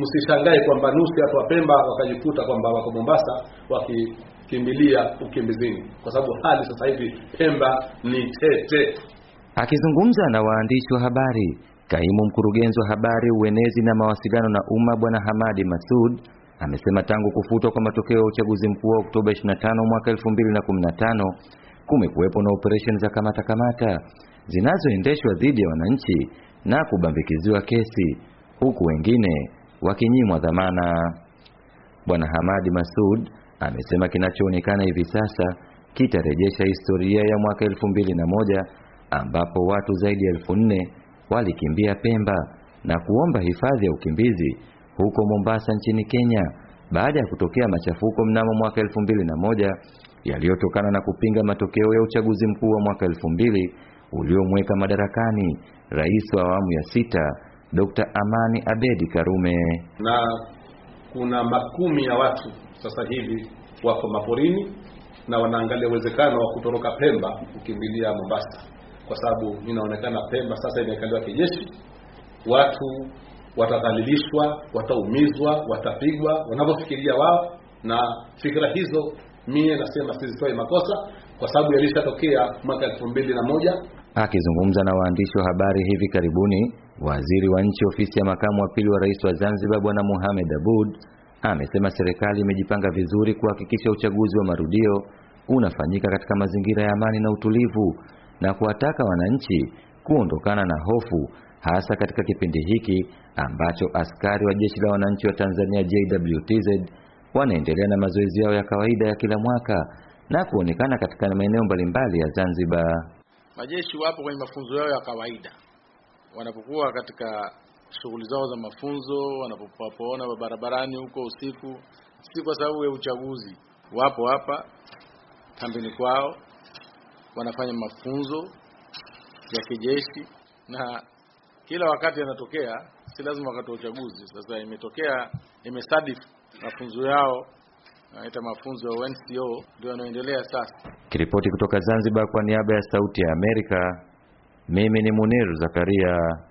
msishangae kwamba nusu watu wa Pemba wakajikuta kwamba wako Mombasa wakikimbilia ukimbizini kwa sababu hali sasa hivi Pemba ni tete. Akizungumza na waandishi wa habari, kaimu mkurugenzi wa habari, uenezi na mawasiliano na umma Bwana Hamadi Masud amesema tangu kufutwa kwa matokeo ya uchaguzi mkuu wa Oktoba 25 mwaka 2015 kumekuwepo na operesheni za kamata kamata zinazoendeshwa dhidi ya wananchi na kubambikiziwa kesi huku wengine wakinyimwa dhamana. Bwana Hamadi Masud amesema kinachoonekana hivi sasa kitarejesha historia ya mwaka elfu mbili na moja ambapo watu zaidi ya elfu nne walikimbia Pemba na kuomba hifadhi ya ukimbizi huko Mombasa nchini Kenya baada ya kutokea machafuko mnamo mwaka elfu mbili na moja yaliyotokana na kupinga matokeo ya uchaguzi mkuu wa mwaka elfu mbili uliomweka madarakani rais wa awamu ya sita Dr. Amani Abedi Karume. Na kuna makumi ya watu sasa hivi wako maporini na wanaangalia uwezekano wa kutoroka Pemba kukimbilia Mombasa, kwa sababu inaonekana Pemba sasa imekaliwa kijeshi. Watu watadhalilishwa, wataumizwa, watapigwa wanavyofikiria wao, na fikira hizo mie nasema sizitoe makosa, kwa sababu yalishatokea mwaka elfu mbili na moja. Akizungumza na waandishi wa habari hivi karibuni, waziri wa nchi ofisi ya makamu wa pili wa rais wa Zanzibar Bwana Mohamed Abud amesema serikali imejipanga vizuri kuhakikisha uchaguzi wa marudio unafanyika katika mazingira ya amani na utulivu na kuwataka wananchi kuondokana na hofu hasa katika kipindi hiki ambacho askari wa Jeshi la Wananchi wa Tanzania JWTZ wanaendelea na mazoezi yao ya kawaida ya kila mwaka na kuonekana katika maeneo mbalimbali ya Zanzibar. Majeshi wapo kwenye mafunzo yao ya kawaida, wanapokuwa katika shughuli zao za mafunzo, wanapoona barabarani huko usiku, si kwa sababu ya uchaguzi, wapo hapa kambini kwao, wanafanya mafunzo ya kijeshi, na kila wakati yanatokea, si lazima wakati wa uchaguzi. Sasa imetokea, imesadif mafunzo yao naita mafunzo ya NCO ndio yanaendelea sasa. Kiripoti kutoka Zanzibar kwa niaba ya Sauti ya Amerika, mimi ni Munir Zakaria.